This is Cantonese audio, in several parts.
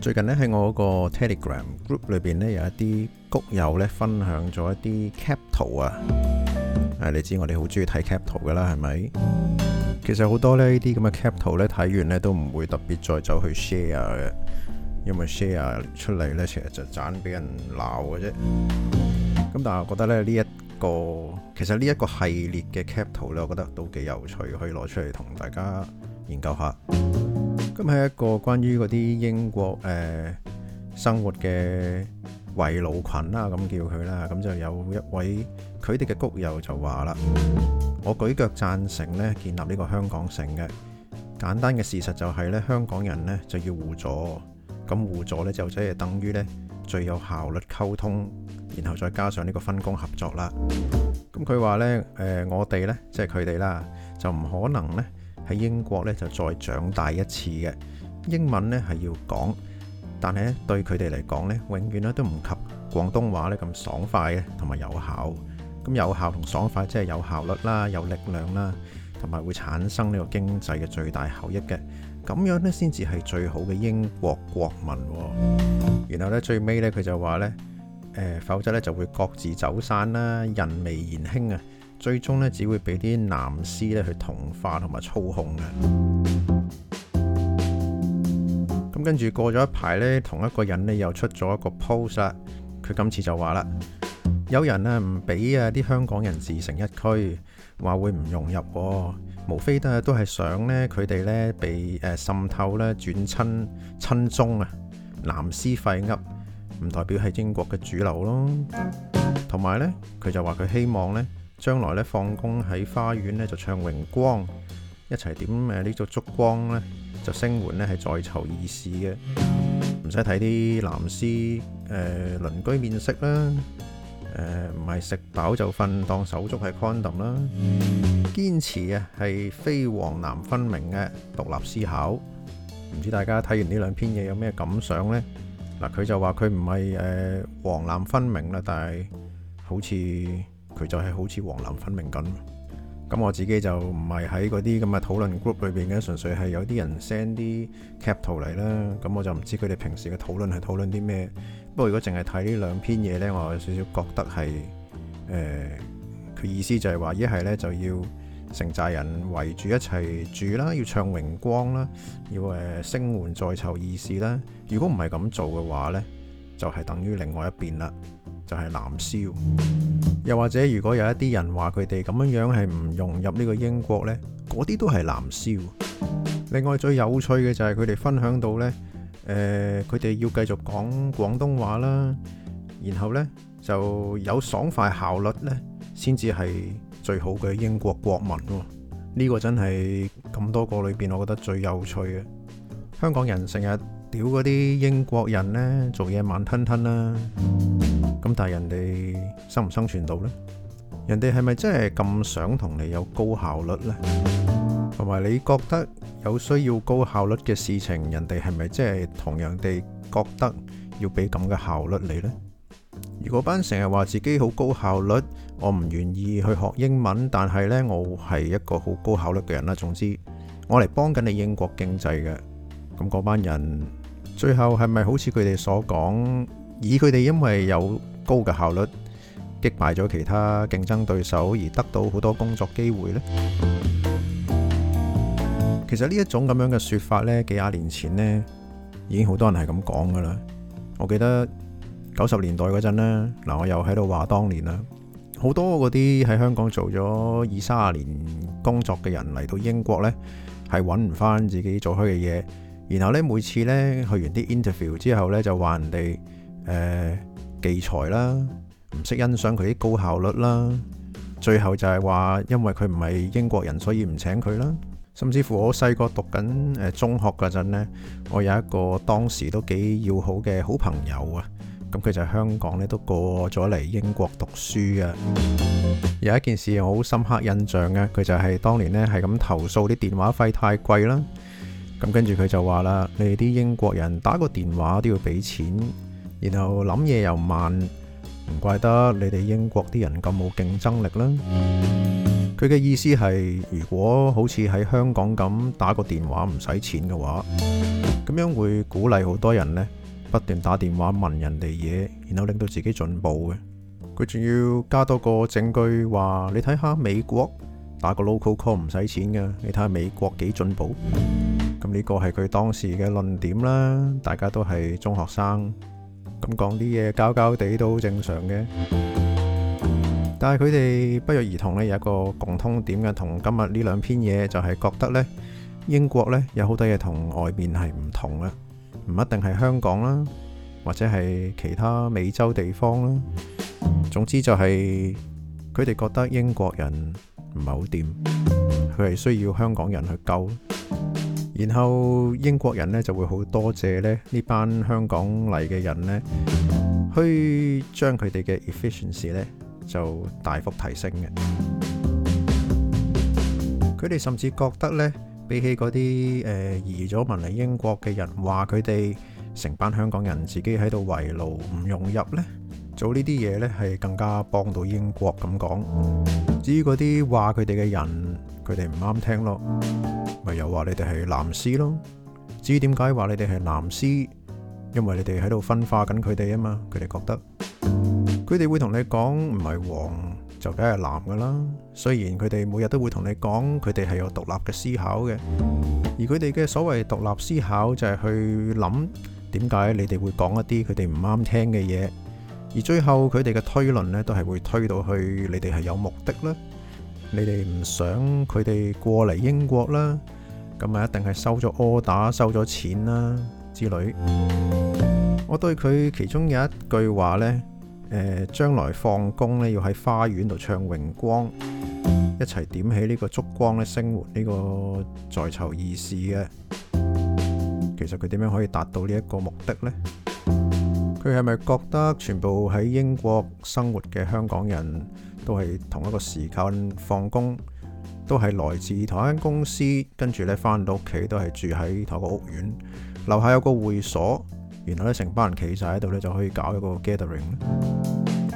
最近呢，喺我嗰個 Telegram Group 裏邊呢，有一啲谷友呢分享咗一啲 cap 圖啊！誒，你知我哋好中意睇 cap 圖噶啦，係咪？其實好多呢啲咁嘅 cap 圖呢，睇完呢都唔會特別再走去 share 嘅，因為 share 出嚟呢，其實就盞俾人鬧嘅啫。咁但係我覺得咧呢一個，其實呢一個系列嘅 cap 圖呢，我覺得都幾有趣，可以攞出嚟同大家研究下。咁係一個關於嗰啲英國誒、呃、生活嘅圍爐群啦，咁叫佢啦，咁就有一位佢哋嘅谷友就話啦，我舉腳贊成呢，建立呢個香港城嘅。簡單嘅事實就係呢，香港人呢就要互助，咁互助呢，就即係等於呢最有效率溝通，然後再加上呢個分工合作啦。咁佢話呢，「誒我哋呢，即係佢哋啦，就唔可能呢。」喺英國咧就再長大一次嘅英文呢，係要講，但係咧對佢哋嚟講咧，永遠咧都唔及廣東話呢咁爽快嘅，同埋有效。咁有效同爽快即係有效率啦，有力量啦，同埋會產生呢個經濟嘅最大效益嘅。咁樣呢，先至係最好嘅英國國民。然後呢，最尾呢，佢就話呢，否則呢，就會各自走散啦。人微言輕啊！最終呢，只會俾啲藍絲咧去同化同埋操控嘅。咁跟住過咗一排呢，同一個人呢又出咗一個 post 啦。佢今次就話啦：，有人啊唔俾啊啲香港人自成一區，話會唔融入喎？無非都係都係想親親呢，佢哋呢，被誒滲透咧轉親親中啊，藍絲廢噏唔代表係英國嘅主流咯。同埋呢，佢就話佢希望呢。」將來咧放工喺花園咧就唱榮光，一齊點誒呢座燭光咧就聲援咧係在囚議事嘅，唔使睇啲藍絲誒鄰居面色啦，誒唔係食飽就瞓當手足係 condom 啦，堅持啊係非黃藍分明嘅獨立思考，唔知大家睇完呢兩篇嘢有咩感想呢？嗱佢就話佢唔係誒黃藍分明啦，但係好似。佢就係好似黃藍分明咁，咁我自己就唔係喺嗰啲咁嘅討論 group 裏邊嘅，純粹係有啲人 send 啲 cap 圖嚟啦，咁我就唔知佢哋平時嘅討論係討論啲咩。不過如果淨係睇呢兩篇嘢咧，我有少少覺得係誒，佢意思就係話一係咧就要城寨人圍住一齊住啦，要唱榮光啦，要誒聲援在囚義士啦。如果唔係咁做嘅話咧，就係等於另外一邊啦。就係南少，又或者如果有一啲人話佢哋咁樣樣係唔融入呢個英國呢，嗰啲都係南少。另外最有趣嘅就係佢哋分享到呢，誒佢哋要繼續講廣東話啦，然後呢就有爽快效率呢，先至係最好嘅英國國民喎。呢個真係咁多個裏邊，我覺得最有趣嘅。香港人成日屌嗰啲英國人呢，做嘢慢吞吞啦。咁但係人哋生唔生存到呢？人哋係咪真係咁想同你有高效率呢？同埋你覺得有需要高效率嘅事情，人哋係咪真係同樣地覺得要俾咁嘅效率你呢？如果班成日話自己好高效率，我唔願意去學英文，但係呢，我係一個好高效率嘅人啦。總之我嚟幫緊你英國經濟嘅。咁嗰班人最後係咪好似佢哋所講？以佢哋，因為有高嘅效率，擊敗咗其他競爭對手，而得到好多工作機會呢。其實呢一種咁樣嘅説法呢，幾廿年前呢，已經好多人係咁講噶啦。我記得九十年代嗰陣呢，嗱，我又喺度話，當年啦，好多嗰啲喺香港做咗二三十年工作嘅人嚟到英國呢，係揾唔翻自己做開嘅嘢，然後呢，每次呢去完啲 interview 之後呢，就話人哋。誒、呃，忌才啦，唔識欣賞佢啲高效率啦。最後就係話，因為佢唔係英國人，所以唔請佢啦。甚至乎我細個讀緊誒中學嗰陣呢，我有一個當時都幾要好嘅好朋友啊。咁佢就香港咧都過咗嚟英國讀書啊。有一件事我好深刻印象嘅，佢就係當年呢係咁投訴啲電話費太貴啦。咁跟住佢就話啦，你哋啲英國人打個電話都要俾錢。然後諗嘢又慢，唔怪得你哋英國啲人咁冇競爭力啦。佢嘅意思係，如果好似喺香港咁打個電話唔使錢嘅話，咁樣會鼓勵好多人呢，不斷打電話問人哋嘢，然後令到自己進步嘅。佢仲要加多個證據話，你睇下美國打個 local call 唔使錢㗎，你睇下美國幾進步。咁呢個係佢當時嘅論點啦，大家都係中學生。咁講啲嘢，教教地都好正常嘅。但係佢哋不約而同呢，有一個共通點嘅，同今日呢兩篇嘢就係覺得呢，英國呢有好多嘢同外面係唔同啊，唔一定係香港啦，或者係其他美洲地方啦。總之就係佢哋覺得英國人唔係好掂，佢係需要香港人去救。然後英國人咧就會好多謝咧呢班香港嚟嘅人咧，去將佢哋嘅 efficiency 咧就大幅提升嘅。佢哋甚至覺得咧，比起嗰啲誒移咗民嚟英國嘅人，話佢哋成班香港人自己喺度圍爐唔融入咧，做呢啲嘢咧係更加幫到英國咁講。至於嗰啲話佢哋嘅人。佢哋唔啱聽咯，咪又話你哋係藍絲咯。至於點解話你哋係藍絲，因為你哋喺度分化緊佢哋啊嘛。佢哋覺得，佢哋會同你講唔係黃就梗係藍噶啦。雖然佢哋每日都會同你講，佢哋係有獨立嘅思考嘅。而佢哋嘅所謂獨立思考就係去諗點解你哋會講一啲佢哋唔啱聽嘅嘢。而最後佢哋嘅推論呢都係會推到去你哋係有目的啦。你哋唔想佢哋過嚟英國啦，咁咪一定係收咗 order、收咗錢啦之類。我對佢其中有一句話呢：「誒將來放工呢，要喺花園度唱榮光，一齊點起呢個燭光咧，生活呢個在囚意事嘅。」其實佢點樣可以達到呢一個目的呢？佢係咪覺得全部喺英國生活嘅香港人？都係同一個時間放工，都係來自同一間公司，跟住呢，翻到屋企都係住喺同一個屋苑，樓下有個會所，然後呢，成班人企晒喺度呢，就可以搞一個 gathering。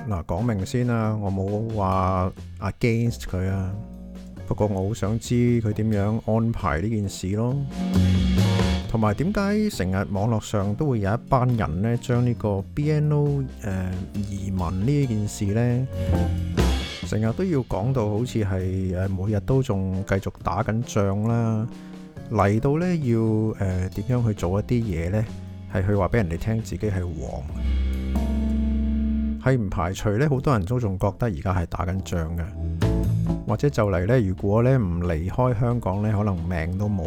嗱、啊，講明先啊，我冇話 against 佢啊，不過我好想知佢點樣安排呢件事咯，同埋點解成日網絡上都會有一班人呢，將呢個 BNO 誒、呃、移民呢件事呢？成日都要講到好似係誒，每日都仲繼續打緊仗啦。嚟到呢要誒點樣去做一啲嘢呢？係去話俾人哋聽自己係黃，係唔排除呢？好多人都仲覺得而家係打緊仗嘅，或者就嚟呢，如果呢唔離開香港呢，可能命都冇。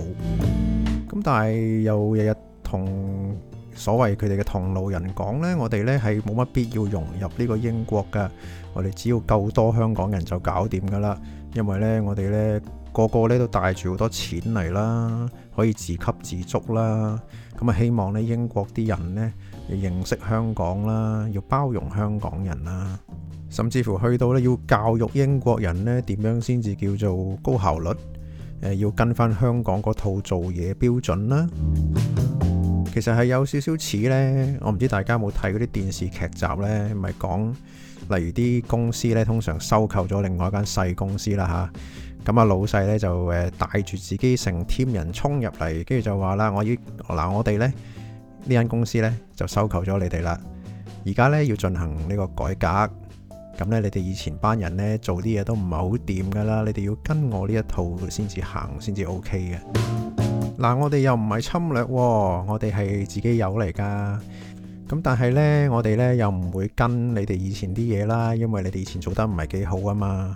咁但係又日日同。所謂佢哋嘅同路人講咧，我哋咧係冇乜必要融入呢個英國㗎，我哋只要夠多香港人就搞掂㗎喇。因為咧，我哋咧個個咧都帶住好多錢嚟啦，可以自給自足啦。咁啊，希望咧英國啲人咧要認識香港啦，要包容香港人啦，甚至乎去到咧要教育英國人咧點樣先至叫做高效率，誒要跟返香港嗰套做嘢標準啦。其實係有少少似呢。我唔知大家有冇睇嗰啲電視劇集呢？咪講例如啲公司呢，通常收購咗另外一間細公司啦吓，咁啊，啊老細呢，就誒帶住自己成 team 人衝入嚟，跟住就話啦：我要嗱、啊、我哋咧呢間公司呢，就收購咗你哋啦，而家呢，要進行呢個改革，咁呢，你哋以前班人呢，做啲嘢都唔係好掂噶啦，你哋要跟我呢一套先至行先至 OK 嘅。嗱，我哋又唔係侵略，我哋係自己友嚟噶。咁但係咧，我哋咧又唔會跟你哋以前啲嘢啦，因為你哋以前做得唔係幾好啊嘛。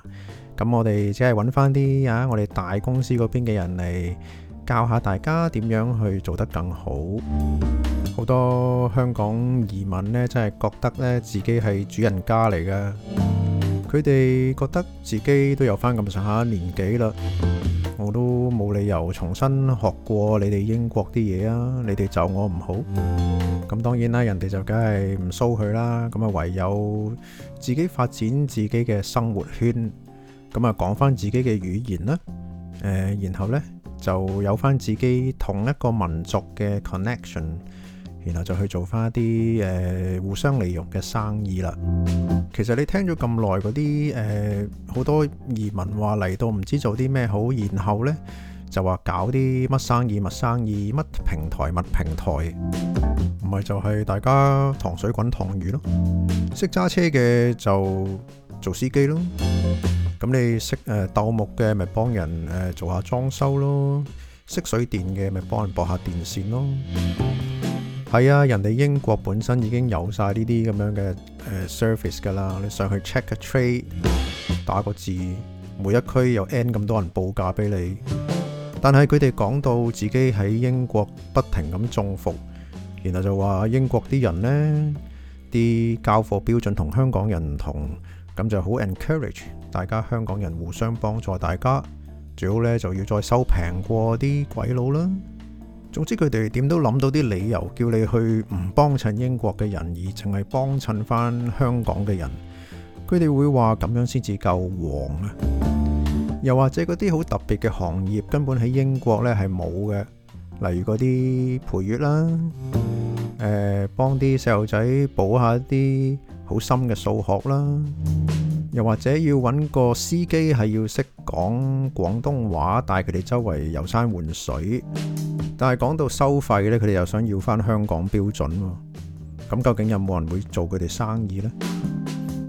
咁我哋只係搵翻啲啊，我哋大公司嗰邊嘅人嚟教下大家點樣去做得更好。好多香港移民咧，真係覺得咧自己係主人家嚟噶，佢哋覺得自己都有翻咁上下年紀啦。我都冇理由重新學過你哋英國啲嘢啊！你哋就我唔好，咁當然啦，人哋就梗係唔收佢啦。咁啊，唯有自己發展自己嘅生活圈，咁啊講翻自己嘅語言啦。誒，然後呢就有翻自己同一個民族嘅 connection。然後就去做翻一啲誒、呃、互相利用嘅生意啦。其實你聽咗咁耐嗰啲誒好多移民話嚟到唔知做啲咩好，然後呢，就話搞啲乜生意乜生意乜平台乜平台，唔係就係大家糖水滾糖魚咯。識揸車嘅就做司機咯。咁你識誒鬥、呃、木嘅咪幫人誒、呃、做一下裝修咯。識水電嘅咪幫人駁下電線咯。係啊，人哋英國本身已經有晒呢啲咁樣嘅誒 service 噶啦，你上去 check a trade，打個字，每一區有 N 咁多人報價俾你。但係佢哋講到自己喺英國不停咁中伏，然後就話英國啲人呢，啲教課標準同香港人唔同，咁就好 encourage 大家香港人互相幫助，大家最好呢就要再收平過啲鬼佬啦。總之佢哋點都諗到啲理由，叫你去唔幫襯英國嘅人，而淨係幫襯翻香港嘅人。佢哋會話咁樣先至夠黃啊！又或者嗰啲好特別嘅行業，根本喺英國呢係冇嘅，例如嗰啲陪月啦，誒，幫啲細路仔補下一啲好深嘅數學啦，又或者要搵個司機係要識講廣東話，帶佢哋周圍遊山玩水。但係講到收費呢，佢哋又想要翻香港標準喎。咁究竟有冇人會做佢哋生意呢？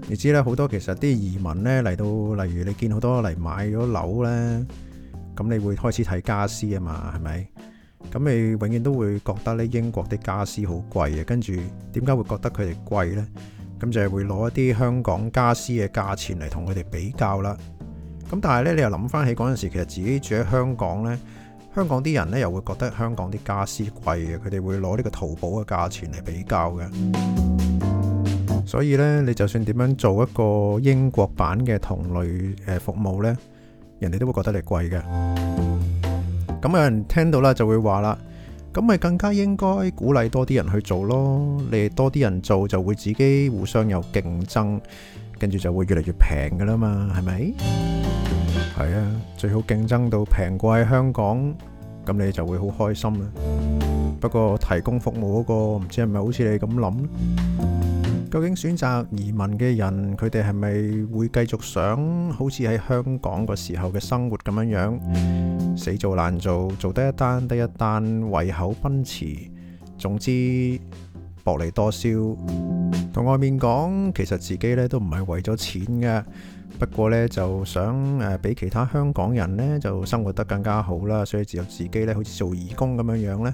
你知咧，好多其實啲移民呢嚟到，例如你見好多嚟買咗樓呢，咁你會開始睇家私啊嘛，係咪？咁你永遠都會覺得呢英國啲家私好貴嘅，跟住點解會覺得佢哋貴呢？咁就係會攞一啲香港家私嘅價錢嚟同佢哋比較啦。咁但係呢，你又諗翻起嗰陣時，其實自己住喺香港呢。香港啲人咧又會覺得香港啲家私貴嘅，佢哋會攞呢個淘寶嘅價錢嚟比較嘅，所以呢，你就算點樣做一個英國版嘅同類誒服務呢，人哋都會覺得你貴嘅。咁有人聽到啦就會話啦，咁咪更加應該鼓勵多啲人去做咯。你多啲人做就會自己互相有競爭，跟住就會越嚟越平噶啦嘛，係咪？係啊，最好競爭到平過喺香港，咁你就會好開心啦。不過提供服務嗰個唔知係咪好似你咁諗？究竟選擇移民嘅人，佢哋係咪會繼續想好似喺香港個時候嘅生活咁樣樣，死做難做，做得一單得一單，胃口奔馳，總之薄利多銷。同外面講，其實自己呢都唔係為咗錢嘅。不過咧，就想誒俾其他香港人咧就生活得更加好啦，所以只有自己咧，好似做義工咁樣樣咧，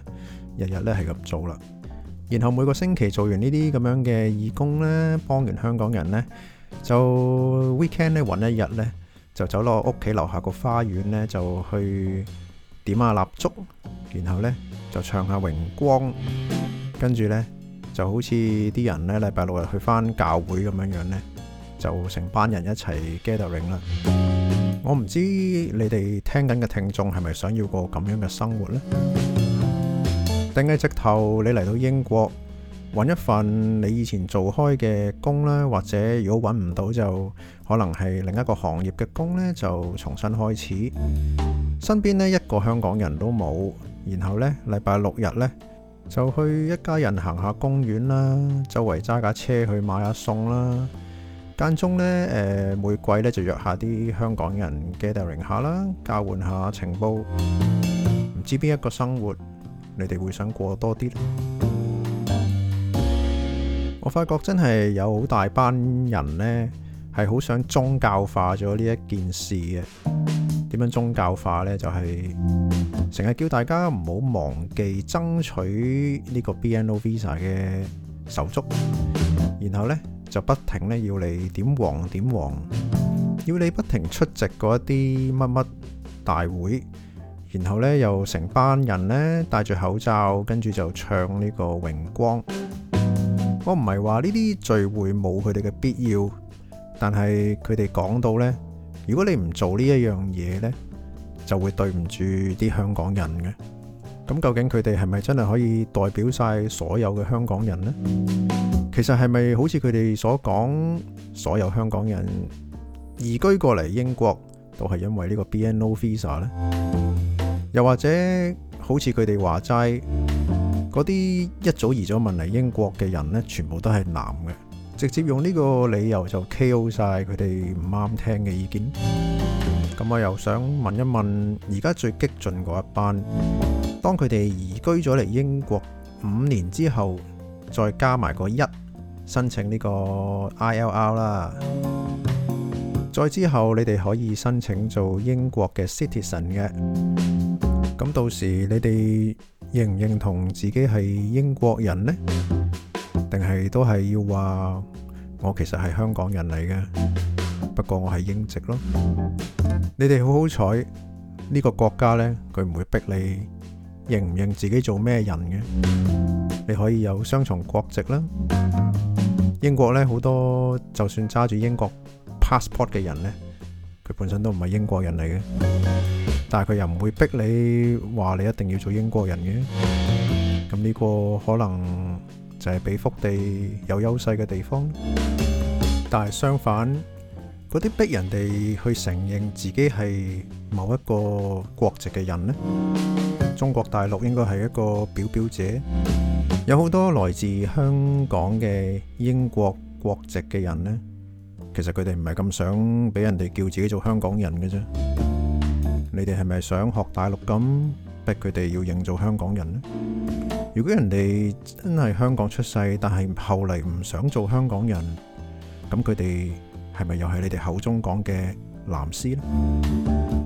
日日咧係咁做啦。然後每個星期做完呢啲咁樣嘅義工咧，幫完香港人咧，就 weekend 咧揾一日咧，就走落屋企樓下個花園咧，就去點下蠟燭，然後咧就唱下榮光，跟住咧就好似啲人咧，禮拜六日去返教會咁樣樣咧。就成班人一齊 gathering 啦。我唔知你哋聽緊嘅聽眾係咪想要過咁樣嘅生活呢？定係直頭你嚟到英國揾一份你以前做開嘅工咧，或者如果揾唔到就可能係另一個行業嘅工呢，就重新開始。身邊呢一個香港人都冇，然後呢禮拜六日呢，就去一家人行下公園啦，周圍揸架車去買下餸啦。間中咧，誒每季咧就約下啲香港人 gathering 下啦，交換下情報。唔知邊一個生活你哋會想過多啲咧？我發覺真係有好大班人呢，係好想宗教化咗呢一件事嘅。點樣宗教化呢？就係成日叫大家唔好忘記爭取呢個 BNO visa 嘅手足，然後呢，就不停咧要你點黃點黃，要你不停出席嗰一啲乜乜大會，然後咧又成班人咧戴住口罩，跟住就唱呢個榮光。我唔係話呢啲聚會冇佢哋嘅必要，但係佢哋講到呢，如果你唔做呢一樣嘢呢，就會對唔住啲香港人嘅。咁究竟佢哋係咪真係可以代表晒所有嘅香港人呢？其實係咪好似佢哋所講，所有香港人移居過嚟英國都係因為呢個 BNO Visa 呢？又或者好似佢哋話齋，嗰啲一早移咗民嚟英國嘅人呢，全部都係男嘅，直接用呢個理由就 KO 晒佢哋唔啱聽嘅意見。咁我又想問一問，而家最激進嗰一班。當佢哋移居咗嚟英國五年之後，再加埋個一，申請呢個 ILR 啦。再之後，你哋可以申請做英國嘅 citizen 嘅。咁到時你哋認唔認同自己係英國人呢？定係都係要話我其實係香港人嚟嘅？不過我係英籍咯。你哋好好彩呢個國家呢，佢唔會逼你。認唔認自己做咩人嘅？你可以有雙重國籍啦。英國呢好多，就算揸住英國 passport 嘅人呢，佢本身都唔係英國人嚟嘅，但係佢又唔會逼你話你一定要做英國人嘅。咁呢個可能就係比福地有優勢嘅地方，但係相反。嗰啲逼人哋去承認自己係某一個國籍嘅人呢，中國大陸應該係一個表表者。有好多來自香港嘅英國國籍嘅人呢，其實佢哋唔係咁想俾人哋叫自己做香港人嘅啫。你哋係咪想學大陸咁逼佢哋要認做香港人呢？如果人哋真係香港出世，但係後嚟唔想做香港人，咁佢哋？係咪又係你哋口中講嘅男屍藍絲呢？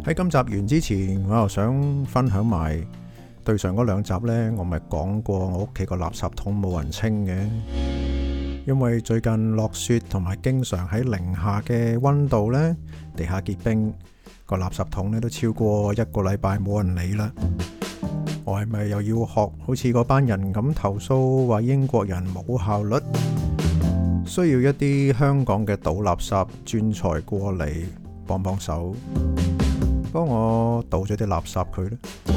喺今集完之前，我又想分享埋對上嗰兩集呢，我咪講過我屋企個垃圾桶冇人清嘅，因為最近落雪同埋經常喺零下嘅溫度呢，地下結冰，個垃圾桶呢都超過一個禮拜冇人理啦。我係咪又要學好似嗰班人咁投訴話英國人冇效率？需要一啲香港嘅倒垃圾專才過嚟幫幫手，幫我倒咗啲垃圾佢啦。